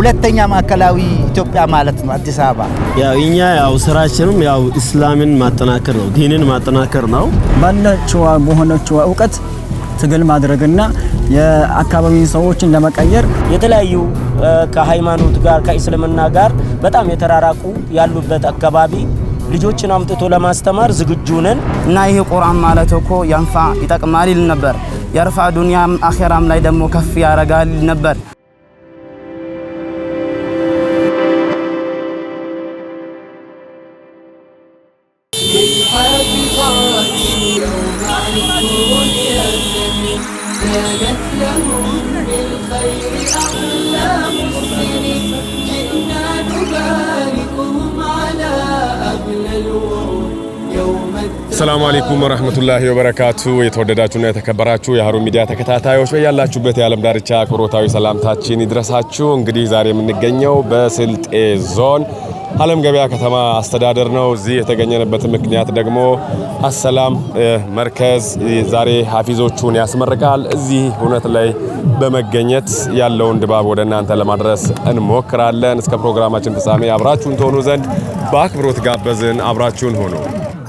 ሁለተኛ ማዕከላዊ ኢትዮጵያ ማለት ነው አዲስ አበባ። ያው እኛ ያው ስራችንም ያው እስላምን ማጠናከር ነው፣ ዲንን ማጠናከር ነው። ባላችዋ በሆነችዋ እውቀት ትግል ማድረግና የአካባቢ ሰዎችን ለመቀየር የተለያዩ ከሃይማኖት ጋር ከእስልምና ጋር በጣም የተራራቁ ያሉበት አካባቢ ልጆችን አምጥቶ ለማስተማር ዝግጁ ነን እና ይሄ ቁርአን ማለት እኮ ያንፋ ይጠቅማል ይል ነበር። የርፋ ዱንያም አኼራም ላይ ደግሞ ከፍ ያረጋል ይል ነበር። ሰላሙ አሌይኩም مسلم ሰላም አለይኩም ወራህመቱላሂ ወበረካቱ። የተወደዳችሁና የተከበራችሁ የሀሩን ሚዲያ ተከታታዮች በያላችሁበት የዓለም ዳርቻ አክብሮታዊ ሰላምታችን ይድረሳችሁ። እንግዲህ ዛሬ የምንገኘው በስልጤ ዞን አለም ገበያ ከተማ አስተዳደር ነው። እዚህ የተገኘንበት ምክንያት ደግሞ አሰላም መርከዝ ዛሬ ሀፊዞቹን ያስመርቃል። እዚህ እውነት ላይ በመገኘት ያለውን ድባብ ወደ እናንተ ለማድረስ እንሞክራለን። እስከ ፕሮግራማችን ፍጻሜ አብራችሁን ትሆኑ ዘንድ በአክብሮት ጋበዝን። አብራችሁን ሆኑ።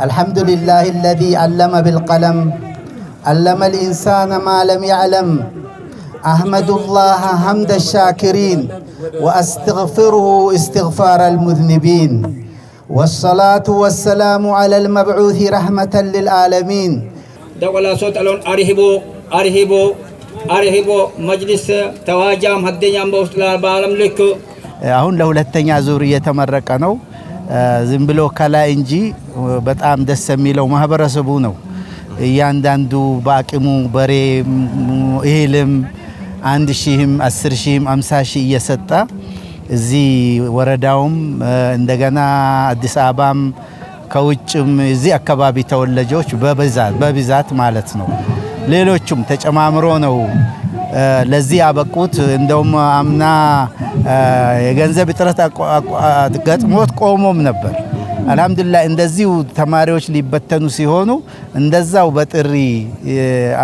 አልሐምዱሊላህ አለዚ አለመ ቢልቀለም አለመ ልኢንሳን ማ ለም ያዕለም أحمد الله حمد الشاكرين وأستغفره استغفار المذنبين والصلاة والسلام على المبعوث رحمة للعالمين دولا صوت ألون أرهبو أرهبو أرهبو مجلس تواجام هدينيام بوصلال بارم لكو አሁን ለሁለተኛ ዙር እየተመረቀ ነው። ዝም ብሎ ከላይ እንጂ በጣም ደስ የሚለው ማህበረሰቡ ነው። እያንዳንዱ በአቅሙ በሬም እህልም አንድ ሺህም አስር ሺህም አምሳ ሺህ እየሰጠ እዚህ ወረዳውም እንደገና አዲስ አበባም ከውጭም እዚህ አካባቢ ተወላጆች በብዛት ማለት ነው። ሌሎቹም ተጨማምሮ ነው ለዚህ ያበቁት። እንደውም አምና የገንዘብ እጥረት ገጥሞት ቆሞም ነበር። አልሐምዱሊላህ እንደዚሁ ተማሪዎች ሊበተኑ ሲሆኑ እንደዛው በጥሪ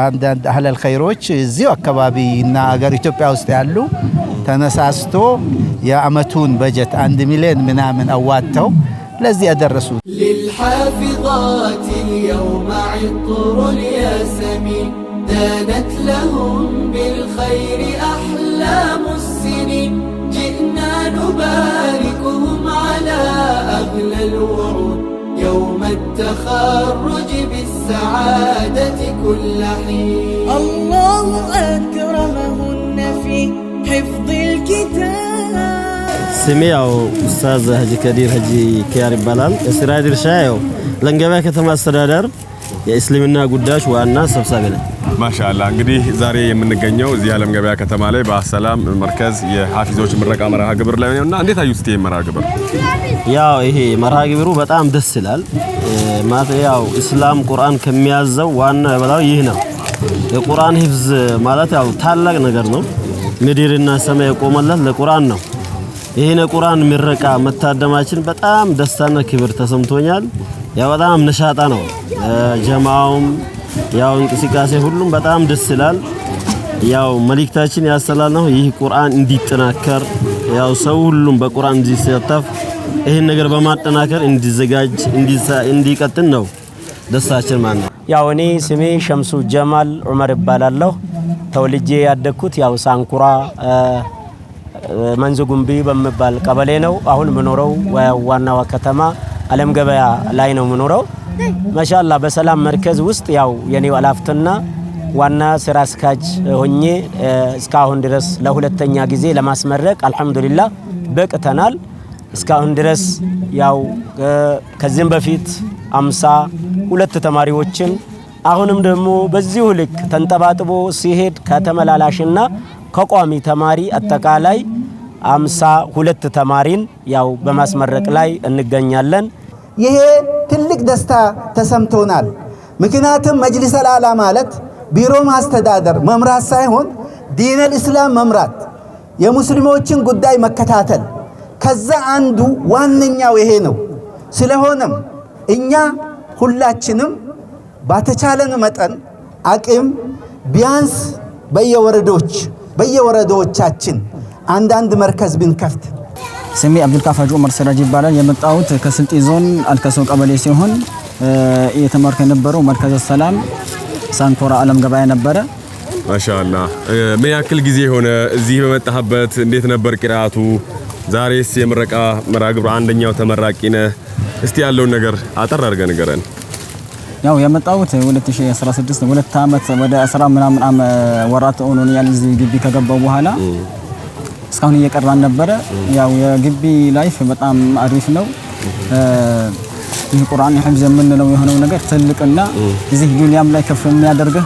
አንዳንድ አህለል ኸይሮች እዚሁ አካባቢ እና አገር ኢትዮጵያ ውስጥ ያሉ ተነሳስቶ የአመቱን በጀት አንድ ሚሊዮን ምናምን አዋጥተው ለዚህ ያደረሱ للحافظات اليوم عطر الياسمين دانت لهم بالخير السنين جئنا نبارك أغلى الوعود يوم التخرج بالسعادة كل حين الله أكرمهن في حفظ الكتاب سمعوا أستاذ هجي كدير هجي كيار بلال سرادر شايو لنقباك ثم السرادر يا اسلمنا قداش وأنا سبسابنا ማሻላ እንግዲህ ዛሬ የምንገኘው እዚህ የዓለም ገበያ ከተማ ላይ በአሰላም መርከዝ የሀፊዞች ምረቃ መርሃ ግብር ላይ ነው እና እንዴት አዩት ይሄ መርሃ ግብር? ያው ይሄ መርሃ ግብሩ በጣም ደስ ይላል። ያው እስላም ቁርአን ከሚያዘው ዋና በላው ይህ ነው። የቁርአን ሂፍዝ ማለት ያው ታላቅ ነገር ነው። ምድርና ሰማይ የቆመለት ለቁርአን ነው። ይህን የቁርአን ምረቃ መታደማችን በጣም ደስታና ክብር ተሰምቶኛል። ያው በጣም ነሻጣ ነው ጀማውም ያው እንቅስቃሴ ሁሉም በጣም ደስ ይላል። ያው መልእክታችን ያስተላል ይህ ቁርአን እንዲጠናከር ያው ሰው ሁሉም በቁርአን እንዲሳተፍ ይህን ነገር በማጠናከር እንዲዘጋጅ እንዲቀጥል ነው ደስታችን ማለት ነው። ያው እኔ ስሜ ሸምሱ ጀማል ዑመር እባላለሁ። ተወልጄ ያደግኩት ያው ሳንኩራ መንዝ ጉንቢ በሚባል ቀበሌ ነው። አሁን ምኖረው ዋናዋ ከተማ አለም ገበያ ላይ ነው የምኖረው። ማሻአላ በሰላም መርከዝ ውስጥ ያው የኔ ኃላፊነትና ዋና ስራ አስኪያጅ ሆኜ እስካሁን ድረስ ለሁለተኛ ጊዜ ለማስመረቅ አልሐምዱሊላ በቅተናል። እስካሁን ድረስ ያው ከዚህም በፊት አምሳ ሁለት ተማሪዎችን አሁንም ደግሞ በዚሁ ልክ ተንጠባጥቦ ሲሄድ ከተመላላሽና ከቋሚ ተማሪ አጠቃላይ አምሳ ሁለት ተማሪን ያው በማስመረቅ ላይ እንገኛለን። ይሄ ትልቅ ደስታ ተሰምቶናል። ምክንያቱም መጅሊስ አልዓላ ማለት ቢሮ ማስተዳደር መምራት ሳይሆን ዲነል እስላም መምራት፣ የሙስሊሞችን ጉዳይ መከታተል ከዛ አንዱ ዋነኛው ይሄ ነው። ስለሆነም እኛ ሁላችንም ባተቻለን መጠን አቅም ቢያንስ በየወረዶች በየወረዶቻችን አንዳንድ መርከዝ ብንከፍት ስሜ አብዱልካፋጅ ኡመር ሰራጅ ይባላል። የመጣሁት ከስልጤ ዞን አልከሰው ቀበሌ ሲሆን እየተማርኩ የነበረው መርከዘ ሰላም ሳንኮራ አለም ገበያ ነበረ። ማሻአላ ምን ያክል ጊዜ ሆነ እዚህ በመጣህበት? እንዴት ነበር ቅርአቱ? ዛሬስ የምረቃ መርሃ ግብር አንደኛው ተመራቂ ነህ። እስቲ ያለውን ነገር አጠር አድርገህ ንገረን። ያው የመጣሁት 2016 ሁለት ዓመት ወደ 10 ምናምን ወራት ሆኖኛል እዚህ ግቢ ከገባው በኋላ እስካሁን እየቀራን ነበረ። ያው የግቢ ላይፍ በጣም አሪፍ ነው። ይህ ቁርአን ሒፍዝ የምንለው የሆነው ነገር ትልቅና እዚህ ዱንያም ላይ ከፍ የሚያደርግህ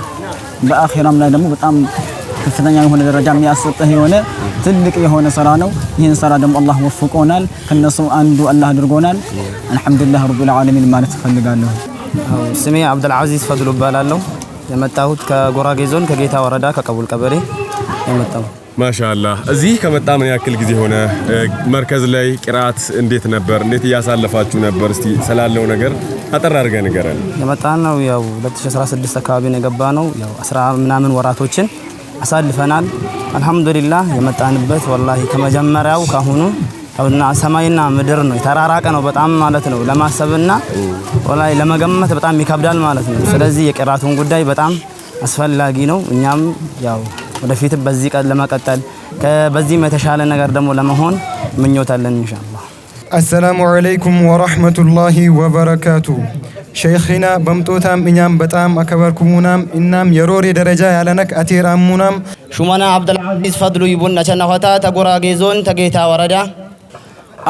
በአኺራም ላይ ደግሞ በጣም ከፍተኛ የሆነ ደረጃ የሚያሰጥህ የሆነ ትልቅ የሆነ ስራ ነው። ይህን ስራ ደግሞ አላህ ወፍቆናል። ከነሱ አንዱ አላህ አድርጎናል። አልሐምዱሊላህ ረቢል ዓለሚን ማለት እፈልጋለሁ። ስሜ አብዱልዓዚዝ ፈድሉ እባላለሁ። የመጣሁት ከጎራጌ ዞን ከጌታ ወረዳ ከቀቡል ቀበሌ የመጣው። ማሻላ እዚህ ከመጣ ምን ያክል ጊዜ ሆነ? መርከዝ ላይ ቅራት እንዴት ነበር? እንዴት እያሳለፋችሁ ነበር? እስቲ ስላለው ነገር አጠር አድርገህ ንገረን። የመጣን ነው ያው 2016 አካባቢ ነው የገባ ነው። ያው አስራ ምናምን ወራቶችን አሳልፈናል። አልሐምዱሊላህ የመጣንበት ወላሂ ከመጀመሪያው ካሁኑ ያውና ሰማይና ምድር ነው የተራራቀ ነው በጣም ማለት ነው። ለማሰብና ወላሂ ለመገመት በጣም ይከብዳል ማለት ነው። ስለዚህ የቅራቱን ጉዳይ በጣም አስፈላጊ ነው። እኛም ያው ወደፊትም በዚህ ቀን ለመቀጠል በዚህም የተሻለ ነገር ደግሞ ለመሆን ምኞታለን ኢንሻአላህ። አሰላሙ አለይኩም ወራህመቱላሂ ወበረካቱ። ሸይኽና በምጦታም እኛም በጣም አከበርኩሙናም እናም የሮሬ ደረጃ ያለነክ አቴራሙናም ሹመና አብደልዓዚዝ ፈድሉ ይቡን ነቸናኸታ ተጎራጌ ዞን ተጌታ ወረዳ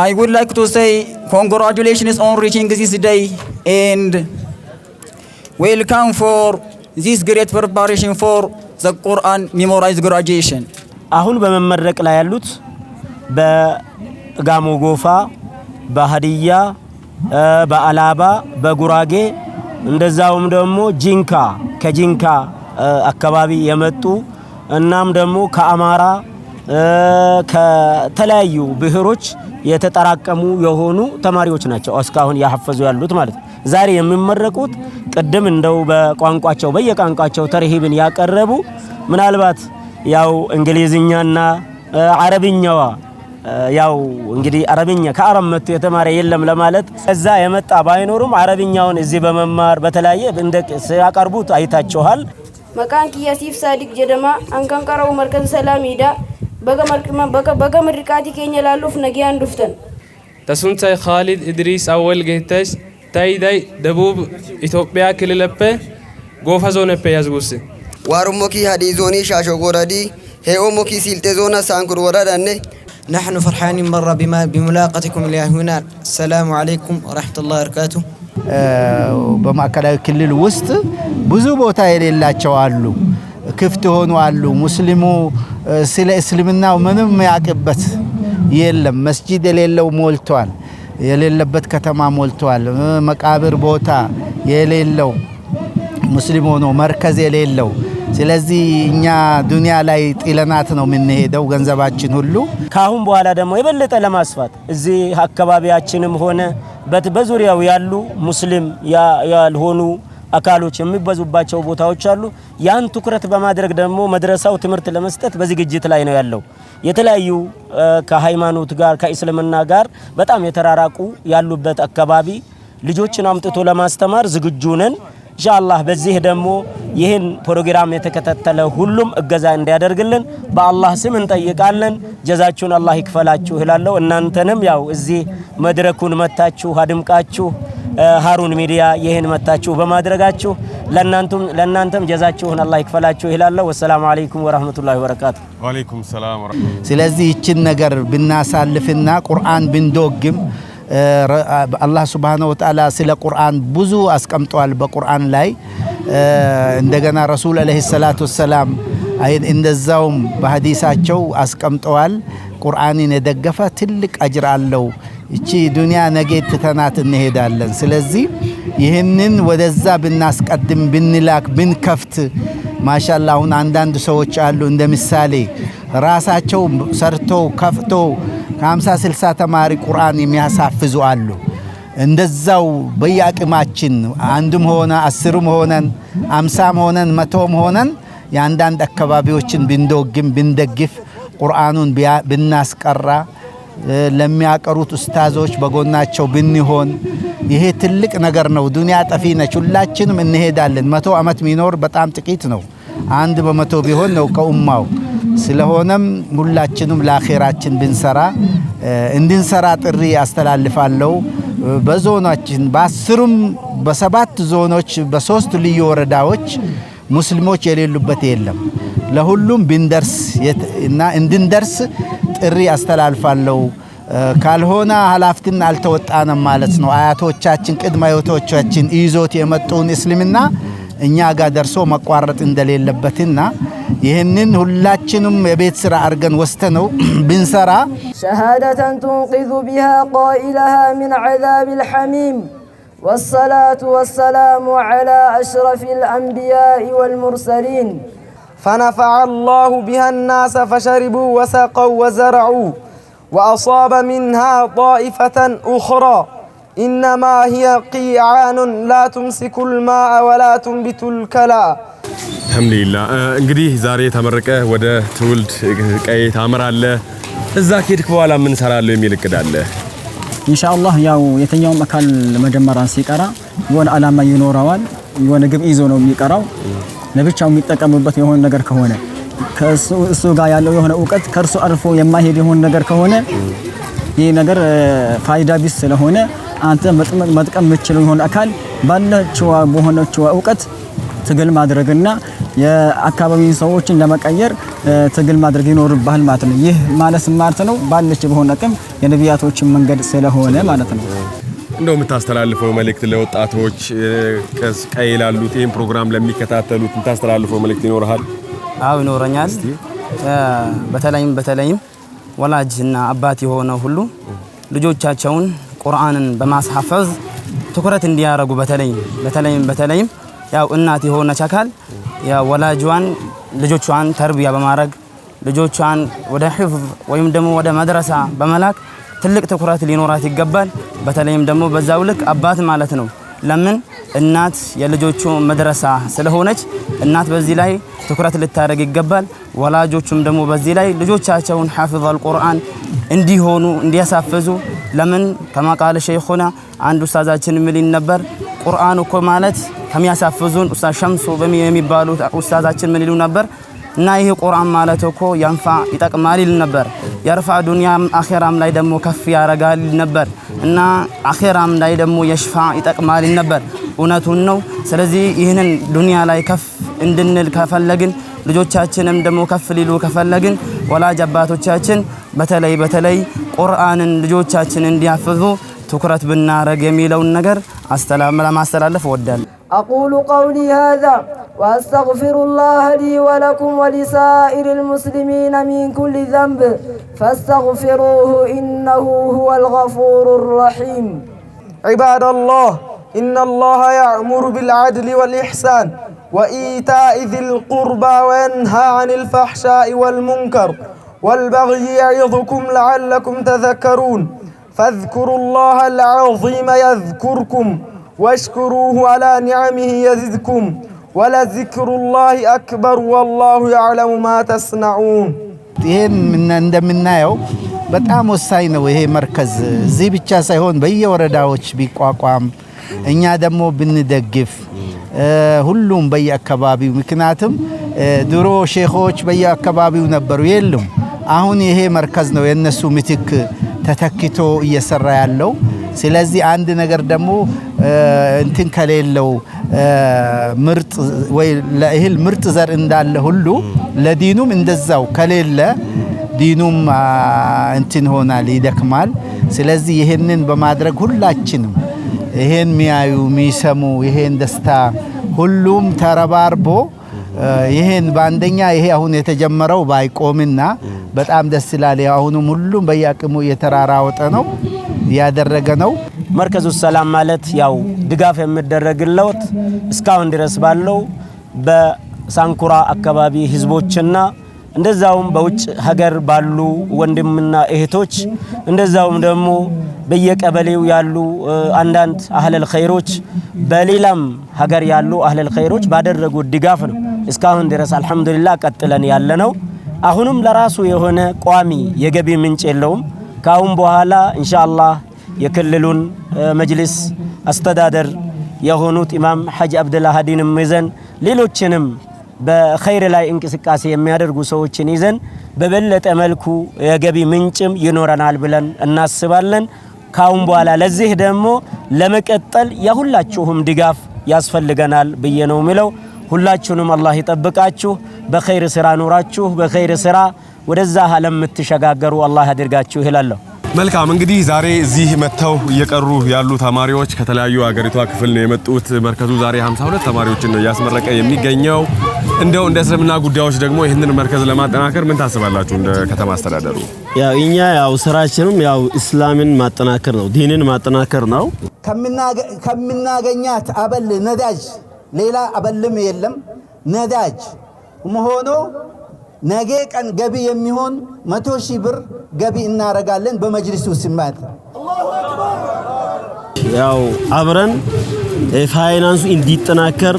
I would like to say congratulations on reaching this day and welcome for this great preparation for ቁርአን ሜሞራይዝ ግራጁዌሽን አሁን በመመረቅ ላይ ያሉት በጋሞ ጎፋ፣ በሀዲያ፣ በአላባ፣ በጉራጌ እንደዛውም ደግሞ ጂንካ ከጂንካ አካባቢ የመጡ እናም ደግሞ ከአማራ ከተለያዩ ብሔሮች የተጠራቀሙ የሆኑ ተማሪዎች ናቸው እስካሁን ያሐፈዙ ያሉት ማለት ነው። ዛሬ የሚመረቁት ቅድም እንደው በቋንቋቸው በየቋንቋቸው ተርሂብን ያቀረቡ ምናልባት ያው እንግሊዝኛና አረብኛዋ ያው እንግዲህ አረብኛ ከአረብ መጥቶ የተማረ የለም ለማለት እዛ የመጣ ባይኖሩም አረብኛውን እዚህ በመማር በተለያየ እንደ ሲያቀርቡት አይታችኋል። መቃን ኪያሲፍ ሳዲቅ ጀደማ አንከንቀረው መርከዝ ሰላም ሂዳ በገ ምርቃቲ ኬኛ ላሉፍ ነጊያን ዱፍተን ተሱንታይ ካሊድ ኢድሪስ አወል ጌተሽ ተይደይ ደቡብ ኢትዮጵያ ክልለፔ ጎፋ ዞነፔ ያዝጉስ ዋሩሞኪ ሀዲ ዞኒ ሻሾጎራዲ ሄኦሞኪ ሲልጤ ዞና ሳንኩር ወረዳኔ نحن فرحانين مرة بما بملاقتكم إلى هنا السلام عليكم በማዕከላዊ ክልል ውስጥ ብዙ ቦታ የሌላቸው አሉ፣ ክፍት ሆኑ አሉ። ሙስሊሙ ስለ እስልምናው ምንም ያቅበት የለም። መስጂድ የሌለው ሞልቷል። የሌለበት ከተማ ሞልቷል። መቃብር ቦታ የሌለው ሙስሊም ሆኖ መርከዝ የሌለው ስለዚህ እኛ ዱንያ ላይ ጥለናት ነው የምንሄደው ገንዘባችን ሁሉ። ከአሁን በኋላ ደግሞ የበለጠ ለማስፋት እዚህ አካባቢያችንም ሆነ በዙሪያው ያሉ ሙስሊም ያልሆኑ አካሎች የሚበዙባቸው ቦታዎች አሉ። ያን ትኩረት በማድረግ ደግሞ መድረሳው ትምህርት ለመስጠት በዝግጅት ላይ ነው ያለው። የተለያዩ ከሃይማኖት ጋር ከእስልምና ጋር በጣም የተራራቁ ያሉበት አካባቢ ልጆችን አምጥቶ ለማስተማር ዝግጁ ነን። ኢንሻአላህ በዚህ ደግሞ ይህን ፕሮግራም የተከታተለ ሁሉም እገዛ እንዲያደርግልን በአላህ ስም እንጠይቃለን። ጀዛችሁን አላህ ይክፈላችሁ እላለሁ። እናንተንም ያው እዚህ መድረኩን መታችሁ አድምቃችሁ ሀሩን ሚዲያ ይህን መታችሁ በማድረጋችሁ ለእናንተም ጀዛችሁን አላህ ይክፈላችሁ ይላለሁ። ወሰላሙ አለይኩም ወረህመቱላሂ ወበረካቱ። ወአለይኩም ሰላም። ስለዚህ ይችን ነገር ብናሳልፍና ቁርአን ብንዶግም አላህ ስብሃነ ወተዓላ ስለ ቁርአን ብዙ አስቀምጧል። በቁርአን ላይ እንደገና ረሱል አለይሂ ሰላቱ ወሰላም እንደዛውም በሀዲሳቸው አስቀምጠዋል። ቁርአንን የደገፈ ትልቅ አጅር አለው። እቺ ዱንያ ነገ ትተናት እንሄዳለን። ስለዚህ ይህንን ወደዛ ብናስቀድም ብንላክ ብንከፍት ማሻላ አሁን አንዳንድ ሰዎች አሉ እንደ ምሳሌ ራሳቸው ሰርቶ ከፍቶ ከ50 60 ተማሪ ቁርአን የሚያሳፍዙ አሉ። እንደዛው በየአቅማችን አንድም ሆነ አስሩም ሆነን አምሳም ሆነን መቶም ሆነን የአንዳንድ አካባቢዎችን ብንደግም ብንደግፍ ቁርአኑን ብናስቀራ ለሚያቀሩት ኡስታዞች በጎናቸው ብንሆን ይሄ ትልቅ ነገር ነው። ዱንያ ጠፊ ነች። ሁላችንም እንሄዳለን። መቶ ዓመት ሚኖር በጣም ጥቂት ነው። አንድ በመቶ ቢሆን ነው ከኡማው። ስለሆነም ሁላችንም ለአኼራችን ብንሰራ እንድንሰራ ጥሪ አስተላልፋለሁ። በዞናችን በአስሩም በሰባት ዞኖች በሶስት ልዩ ወረዳዎች ሙስሊሞች የሌሉበት የለም። ለሁሉም ብንደርስ እና እንድንደርስ ጥሪ አስተላልፋለሁ። ካልሆነ ኃላፊነትን አልተወጣንም ማለት ነው። አያቶቻችን ቅድመ አያቶቻችን ይዞት የመጡን እስልምና እኛ ጋር ደርሶ መቋረጥ እንደሌለበትና ይህንን ሁላችንም የቤት ስራ አድርገን ነው ብንሰራ ሸሃደተን ቱንቂዙ ቢሃ ቃኢለሃ ሚን ዐዛቢል ሐሚም والصلاة والسلام على أشرف الأنبياء والمرسلين فنفع الله بها الناس فشربوا وسقوا وزرعوا وأصاب منها طائفة أخرى إنما هي قيعان لا تمسك الماء ولا تنبت الكلا الحمد آه، እንግዲህ ዛሬ ተመርቀህ ወደ ትውልድ ቀይ ታመራለህ። እዛ ኬድክ በኋላ ምን ሰራለሁ የሚል እቅድ አለ? ኢንሻአላህ ያው የትኛውም አካል መጀመሪያን ሲቀራ የሆነ አላማ ይኖረዋል። የሆነ ግብ ይዞ ነው የሚቀራው። ለብቻው የሚጠቀምበት የሆነ ነገር ከሆነ እሱ ጋር ያለው የሆነ እውቀት ከእርሱ አልፎ የማይሄድ የሆነ ነገር ከሆነ ይህ ነገር ፋይዳ ቢስ ስለሆነ አንተ መጥቀም የምችለው የሆነ አካል ባለችዋ በሆነችዋ እውቀት ትግል ማድረግና የአካባቢን ሰዎችን ለመቀየር ትግል ማድረግ ይኖርብሃል ማለት ነው። ይህ ማለት ማለት ነው ባለች በሆነ ቅም የነቢያቶችን መንገድ ስለሆነ ማለት ነው። እንደው የምታስተላልፈው መልእክት ለወጣቶች ቀይ ላሉት ይህን ፕሮግራም ለሚከታተሉት የምታስተላልፈው መልእክት ይኖርሃል? አዎ ይኖረኛል። በተለይም በተለይም ወላጅና አባት የሆነ ሁሉ ልጆቻቸውን ቁርአንን በማስሐፈዝ ትኩረት እንዲያደርጉ በተለይም በተለይም በተለይም ያው እናት የሆነች አካል የወላጇን ልጆቿን ተርቢያ በማድረግ ልጆቿን ወደ ሕፍዝ ወይም ደግሞ ወደ መድረሳ በመላክ ትልቅ ትኩረት ሊኖራት ይገባል። በተለይም ደግሞ በዛው ልክ አባት ማለት ነው። ለምን እናት የልጆቹ መድረሳ ስለሆነች እናት በዚህ ላይ ትኩረት ልታደርግ ይገባል። ወላጆቹም ደግሞ በዚህ ላይ ልጆቻቸውን ሐፊዝ አልቁርአን እንዲሆኑ እንዲያሳፍዙ። ለምን ከማቃለ ሸይኹና አንድ ኡስታዛችን ምሊን ነበር ቁርአን እኮ ማለት ከሚያሳፍዙን ኡስታዝ ሸምሱ የሚባሉት ኡስታዛችን ምን ይሉ ነበር? እና ይሄ ቁርአን ማለት እኮ ያንፋ ይጠቅማል ይል ነበር። የርፋ ዱንያም አኼራም ላይ ደግሞ ከፍ ያረጋል ይል ነበር። እና አኼራም ላይ ደግሞ የሽፋ ይጠቅማል ይል ነበር። እውነቱን ነው። ስለዚህ ይህንን ዱንያ ላይ ከፍ እንድንል ከፈለግን፣ ልጆቻችንም ደግሞ ከፍ ሊሉ ከፈለግን ወላጅ አባቶቻችን በተለይ በተለይ ቁርአንን ልጆቻችን እንዲያፍዙ ትኩረት ብናረግ የሚለውን ነገር ለማስተላለፍ እወዳለሁ። أقول قولي هذا وأستغفر الله لي ولكم ولسائر المسلمين من كل ذنب فاستغفروه إنه هو الغفور الرحيم عباد الله إن الله يأمر بالعدل والإحسان وإيتاء ذي القربى وينهى عن الفحشاء والمنكر والبغي يعظكم لعلكم تذكرون فاذكروا الله العظيم يذكركم ወሽኩሩሁ አላ ኒዓሚሂ የዚድኩም ወለዚክሩላሂ አክበር ወላሁ ያዕለሙ ማ ተስነዑን። ይህም እንደምናየው በጣም ወሳኝ ነው። ይሄ መርከዝ እዚህ ብቻ ሳይሆን በየወረዳዎች ቢቋቋም እኛ ደግሞ ብንደግፍ ሁሉም በየአካባቢው ምክንያቱም ድሮ ሼኾች በየአካባቢው ነበሩ የሉም። አሁን ይሄ መርከዝ ነው የእነሱ ምትክ ተተክቶ እየሰራ ያለው ስለዚህ አንድ ነገር ደግሞ እንትን ከሌለው ምርጥ ወይ ለእህል ምርጥ ዘር እንዳለ ሁሉ ለዲኑም እንደዛው ከሌለ ዲኑም እንትን ሆናል፣ ይደክማል። ስለዚህ ይህንን በማድረግ ሁላችንም ይሄን ሚያዩ ሚሰሙ ይሄን ደስታ ሁሉም ተረባርቦ ይሄን በአንደኛ ይሄ አሁን የተጀመረው ባይቆምና በጣም ደስ ይላል። አሁኑም ሁሉም በየአቅሙ እየተራራወጠ ነው። ያደረገ ነው። መርከዙ ሰላም ማለት ያው ድጋፍ የሚደረግለት እስካሁን ድረስ ባለው በሳንኩራ አካባቢ ህዝቦችና እንደዛውም በውጭ ሀገር ባሉ ወንድምና እህቶች እንደዛውም ደግሞ በየቀበሌው ያሉ አንዳንድ አህለል ኸይሮች በሌላም ሀገር ያሉ አህለል ኸይሮች ባደረጉት ድጋፍ ነው እስካሁን ድረስ አልሐምዱሊላህ ቀጥለን ያለ ነው። አሁንም ለራሱ የሆነ ቋሚ የገቢ ምንጭ የለውም። ከአሁን በኋላ ኢንሻአላህ የክልሉን መጅልስ አስተዳደር የሆኑት ኢማም ሐጅ አብደልሃዲንም ይዘን ሌሎችንም በኸይር ላይ እንቅስቃሴ የሚያደርጉ ሰዎችን ይዘን በበለጠ መልኩ የገቢ ምንጭም ይኖረናል ብለን እናስባለን። ካሁን በኋላ ለዚህ ደግሞ ለመቀጠል የሁላችሁም ድጋፍ ያስፈልገናል ብዬ ነው የሚለው። ሁላችሁንም አላህ ይጠብቃችሁ፣ በኸይር ስራ ኑራችሁ፣ በኸይር ስራ ወደዛ ዓለም የምትሸጋገሩ አላህ ያድርጋችሁ ይላለሁ። መልካም እንግዲህ ዛሬ እዚህ መጥተው እየቀሩ ያሉ ተማሪዎች ከተለያዩ አገሪቷ ክፍል ነው የመጡት። መርከዙ ዛሬ 52 ተማሪዎችን ነው እያስመረቀ የሚገኘው። እንደው እንደ እስልምና ጉዳዮች ደግሞ ይህንን መርከዝ ለማጠናከር ምን ታስባላችሁ? እንደ ከተማ አስተዳደሩ ያው እኛ ያው ስራችንም ያው እስላምን ማጠናከር ነው፣ ዲንን ማጠናከር ነው። ከምናገኛት አበል ነዳጅ ሌላ አበልም የለም ነዳጅ መሆኑ ነገ ቀን ገቢ የሚሆን መቶ ሺህ ብር ገቢ እናረጋለን። በመጅሊሱ ሲማት ያው አብረን ፋይናንሱ እንዲጠናከር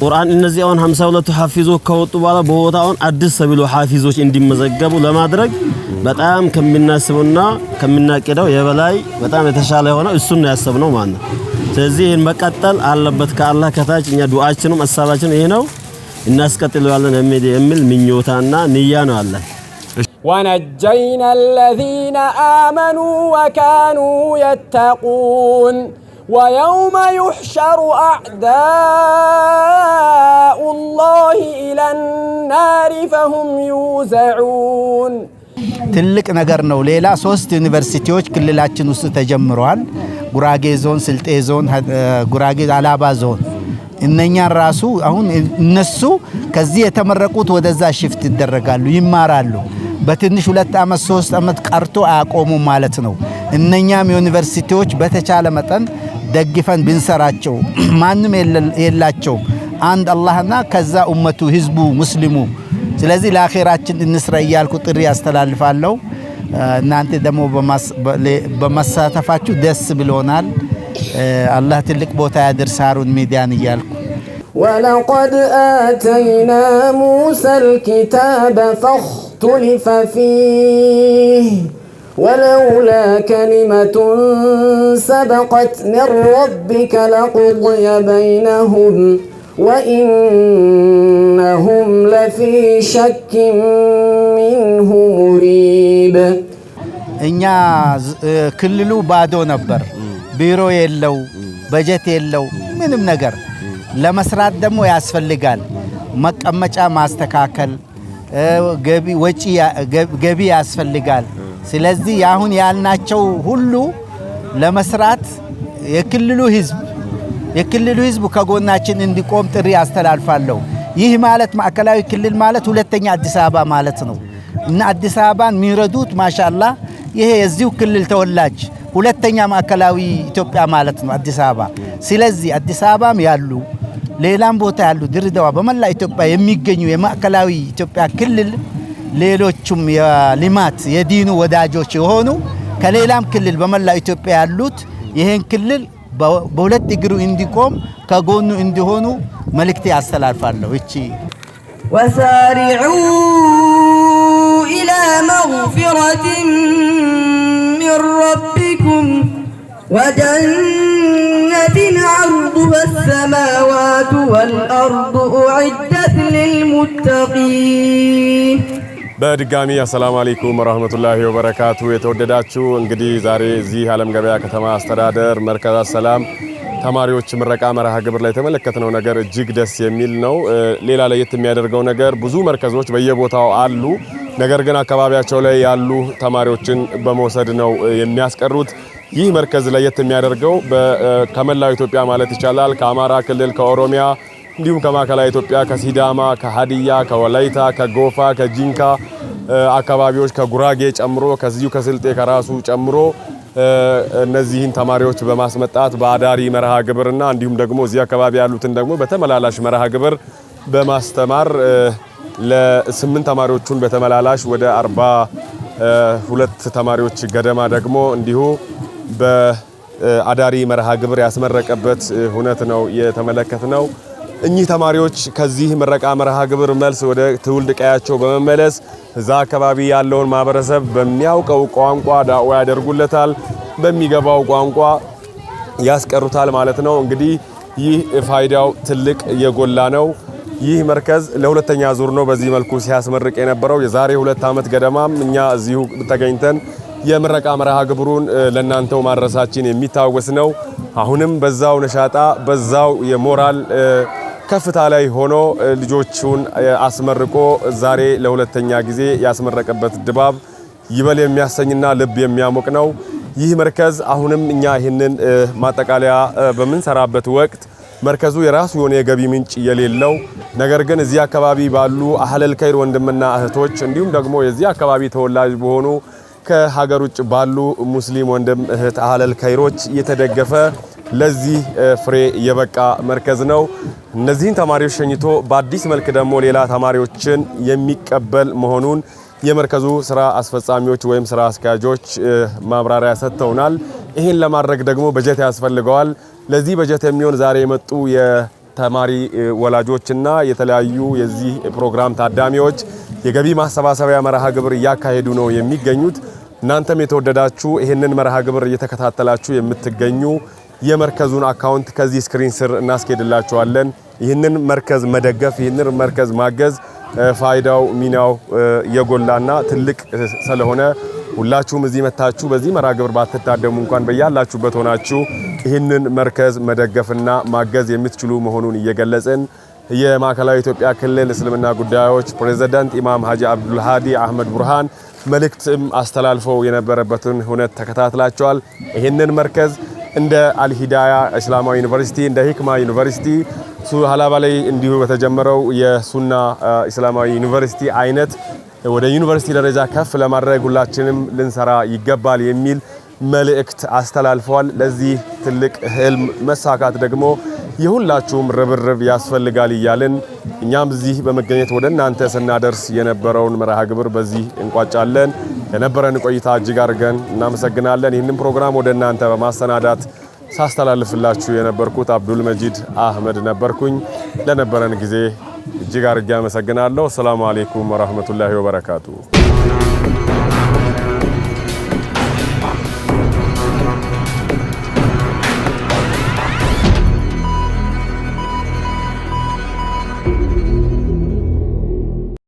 ቁርአን እነዚህ አሁን 52 ሐፊዞ ከወጡ በኋላ በቦታውን አዲስ ተብሎ ሐፊዞች እንዲመዘገቡ ለማድረግ በጣም ከሚናስቡና ከሚናቅደው የበላይ በጣም የተሻለ የሆነ እሱን ነው ያሰብነው ማለት ነው። ስለዚህ ይህን መቀጠል አለበት። ከአላህ ከታች እኛ ዱዓችንም አሳባችን ይሄ ነው። እናስቀጥለዋለን የሚል ምኞታና ንያ ነው አለ። ወነጀይና አለዚነ አመኑ ወካኑ የተቁን ወየውመ ዩሕሸሩ አዕዳኡ ላሂ ኢለ ፈሁም ዩዘዑን። ትልቅ ነገር ነው። ሌላ ሶስት ዩኒቨርሲቲዎች ክልላችን ውስጥ ተጀምረዋል። ጉራጌ ዞን፣ ስልጤ ዞን፣ ጉራጌ አላባ ዞን እነኛን ራሱ አሁን እነሱ ከዚህ የተመረቁት ወደዛ ሽፍት ይደረጋሉ፣ ይማራሉ። በትንሽ ሁለት ዓመት ሶስት ዓመት ቀርቶ አያቆሙም ማለት ነው። እነኛም ዩኒቨርሲቲዎች በተቻለ መጠን ደግፈን ብንሰራቸው ማንም የላቸውም አንድ አላህና ከዛ እመቱ ህዝቡ ሙስሊሙ። ስለዚህ ለአኼራችን እንስራ እያልኩ ጥሪ ያስተላልፋለሁ። እናንተ ደግሞ በመሳተፋችሁ ደስ ብሎናል። آه، الله تلك بوتا در سارو الميدان يالكو ولقد آتينا موسى الكتاب فاختلف فيه ولولا كلمة سبقت من ربك لقضي بينهم وإنهم لفي شك منه مريب إنيا كللو بادو نبر ቢሮ የለው፣ በጀት የለው፣ ምንም ነገር ለመስራት ደግሞ ያስፈልጋል። መቀመጫ ማስተካከል፣ ገቢ ያስፈልጋል። ስለዚህ አሁን ያልናቸው ሁሉ ለመስራት የክልሉ ህዝብ የክልሉ ህዝብ ከጎናችን እንዲቆም ጥሪ አስተላልፋለሁ። ይህ ማለት ማዕከላዊ ክልል ማለት ሁለተኛ አዲስ አበባ ማለት ነው እና አዲስ አበባን የሚረዱት ማሻላ ይሄ የዚሁ ክልል ተወላጅ ሁለተኛ ማዕከላዊ ኢትዮጵያ ማለት ነው አዲስ አበባ። ስለዚህ አዲስ አበባም ያሉ ሌላም ቦታ ያሉ ድሬዳዋ፣ በመላ ኢትዮጵያ የሚገኙ የማዕከላዊ ኢትዮጵያ ክልል ሌሎቹም የልማት የዲኑ ወዳጆች የሆኑ ከሌላም ክልል በመላ ኢትዮጵያ ያሉት ይህን ክልል በሁለት እግሩ እንዲቆም ከጎኑ እንዲሆኑ መልእክቴ አስተላልፋለሁ። እቺ ወሳሪዑ ኢላ መግፊረትን ሚን ረቢ ربكم وجنة عرضها السماوات والأرض أعدت للمتقين በድጋሚ አሰላሙ አለይኩም ወራህመቱላሂ ወበረካቱ። የተወደዳችሁ እንግዲህ ዛሬ እዚህ ዓለም ገበያ ከተማ አስተዳደር መርከዝ ሰላም ተማሪዎች ምረቃ መርሃ ግብር ላይ የተመለከትነው ነገር እጅግ ደስ የሚል ነው። ሌላ ለየት የሚያደርገው ነገር ብዙ መርከዞች በየቦታው አሉ። ነገር ግን አካባቢያቸው ላይ ያሉ ተማሪዎችን በመውሰድ ነው የሚያስቀሩት። ይህ መርከዝ ለየት የሚያደርገው ከመላው ኢትዮጵያ ማለት ይቻላል ከአማራ ክልል፣ ከኦሮሚያ እንዲሁም ከማዕከላዊ ኢትዮጵያ፣ ከሲዳማ፣ ከሀዲያ፣ ከወላይታ፣ ከጎፋ፣ ከጂንካ አካባቢዎች ከጉራጌ ጨምሮ ከዚሁ ከስልጤ ከራሱ ጨምሮ እነዚህን ተማሪዎች በማስመጣት በአዳሪ መርሃ ግብርና እንዲሁም ደግሞ እዚህ አካባቢ ያሉትን ደግሞ በተመላላሽ መርሃ ግብር በማስተማር ለስምንት ተማሪዎቹን በተመላላሽ ወደ አርባ ሁለት ተማሪዎች ገደማ ደግሞ እንዲሁ በአዳሪ መርሃ ግብር ያስመረቀበት ሁነት ነው የተመለከት ነው። እኚህ ተማሪዎች ከዚህ ምረቃ መርሃ ግብር መልስ ወደ ትውልድ ቀያቸው በመመለስ እዛ አካባቢ ያለውን ማህበረሰብ በሚያውቀው ቋንቋ ዳዋ ያደርጉለታል፣ በሚገባው ቋንቋ ያስቀሩታል ማለት ነው። እንግዲህ ይህ ፋይዳው ትልቅ የጎላ ነው። ይህ መርከዝ ለሁለተኛ ዙር ነው በዚህ መልኩ ሲያስመርቅ የነበረው። የዛሬ ሁለት ዓመት ገደማም እኛ እዚሁ ተገኝተን የምረቃ መርሃ ግብሩን ለእናንተው ማድረሳችን የሚታወስ ነው። አሁንም በዛው ነሻጣ፣ በዛው የሞራል ከፍታ ላይ ሆኖ ልጆቹን አስመርቆ ዛሬ ለሁለተኛ ጊዜ ያስመረቀበት ድባብ ይበል የሚያሰኝና ልብ የሚያሞቅ ነው። ይህ መርከዝ አሁንም እኛ ይህንን ማጠቃለያ በምንሰራበት ወቅት መርከዙ የራሱ የሆነ የገቢ ምንጭ የሌለው ነገር ግን እዚህ አካባቢ ባሉ አህለል ከይር ወንድምና እህቶች እንዲሁም ደግሞ የዚህ አካባቢ ተወላጅ በሆኑ ከሀገር ውጭ ባሉ ሙስሊም ወንድም እህት አህለል ከይሮች የተደገፈ ለዚህ ፍሬ የበቃ መርከዝ ነው። እነዚህን ተማሪዎች ሸኝቶ በአዲስ መልክ ደግሞ ሌላ ተማሪዎችን የሚቀበል መሆኑን የመርከዙ ስራ አስፈጻሚዎች ወይም ስራ አስኪያጆች ማብራሪያ ሰጥተውናል። ይህን ለማድረግ ደግሞ በጀት ያስፈልገዋል። ለዚህ በጀት የሚሆን ዛሬ የመጡ የተማሪ ወላጆችና የተለያዩ የዚህ ፕሮግራም ታዳሚዎች የገቢ ማሰባሰቢያ መርሃ ግብር እያካሄዱ ነው የሚገኙት። እናንተም የተወደዳችሁ ይህንን መርሃ ግብር እየተከታተላችሁ የምትገኙ የመርከዙን አካውንት ከዚህ ስክሪን ስር እናስኬድላችኋለን። ይህንን መርከዝ መደገፍ፣ ይህንን መርከዝ ማገዝ ፋይዳው ሚናው የጎላና ትልቅ ስለሆነ ሁላችሁም እዚህ መታችሁ በዚህ መርሃ ግብር ባትታደሙ እንኳን በያላችሁበት ሆናችሁ ይህንን መርከዝ መደገፍና ማገዝ የምትችሉ መሆኑን እየገለጽን የማዕከላዊ ኢትዮጵያ ክልል እስልምና ጉዳዮች ፕሬዝዳንት ኢማም ሀጂ አብዱልሃዲ አህመድ ቡርሃን መልእክትም አስተላልፈው የነበረበትን ሁነት ተከታትላቸዋል። ይህንን መርከዝ እንደ አልሂዳያ እስላማዊ ዩኒቨርሲቲ እንደ ሂክማ ዩኒቨርሲቲ ሀላባ ላይ እንዲሁ በተጀመረው የሱና እስላማዊ ዩኒቨርሲቲ አይነት ወደ ዩኒቨርሲቲ ደረጃ ከፍ ለማድረግ ሁላችንም ልንሰራ ይገባል የሚል መልእክት አስተላልፈዋል። ለዚህ ትልቅ ህልም መሳካት ደግሞ የሁላችሁም ርብርብ ያስፈልጋል እያልን እኛም እዚህ በመገኘት ወደ እናንተ ስናደርስ የነበረውን መርሃ ግብር በዚህ እንቋጫለን። የነበረን ቆይታ እጅግ አድርገን እናመሰግናለን። ይህንን ፕሮግራም ወደ እናንተ በማሰናዳት ሳስተላልፍላችሁ የነበርኩት አብዱል መጂድ አህመድ ነበርኩኝ። ለነበረን ጊዜ እጅግ አድርጌ አመሰግናለሁ። ሰላሙ አሌይኩም ወረህመቱላሂ ወበረካቱ።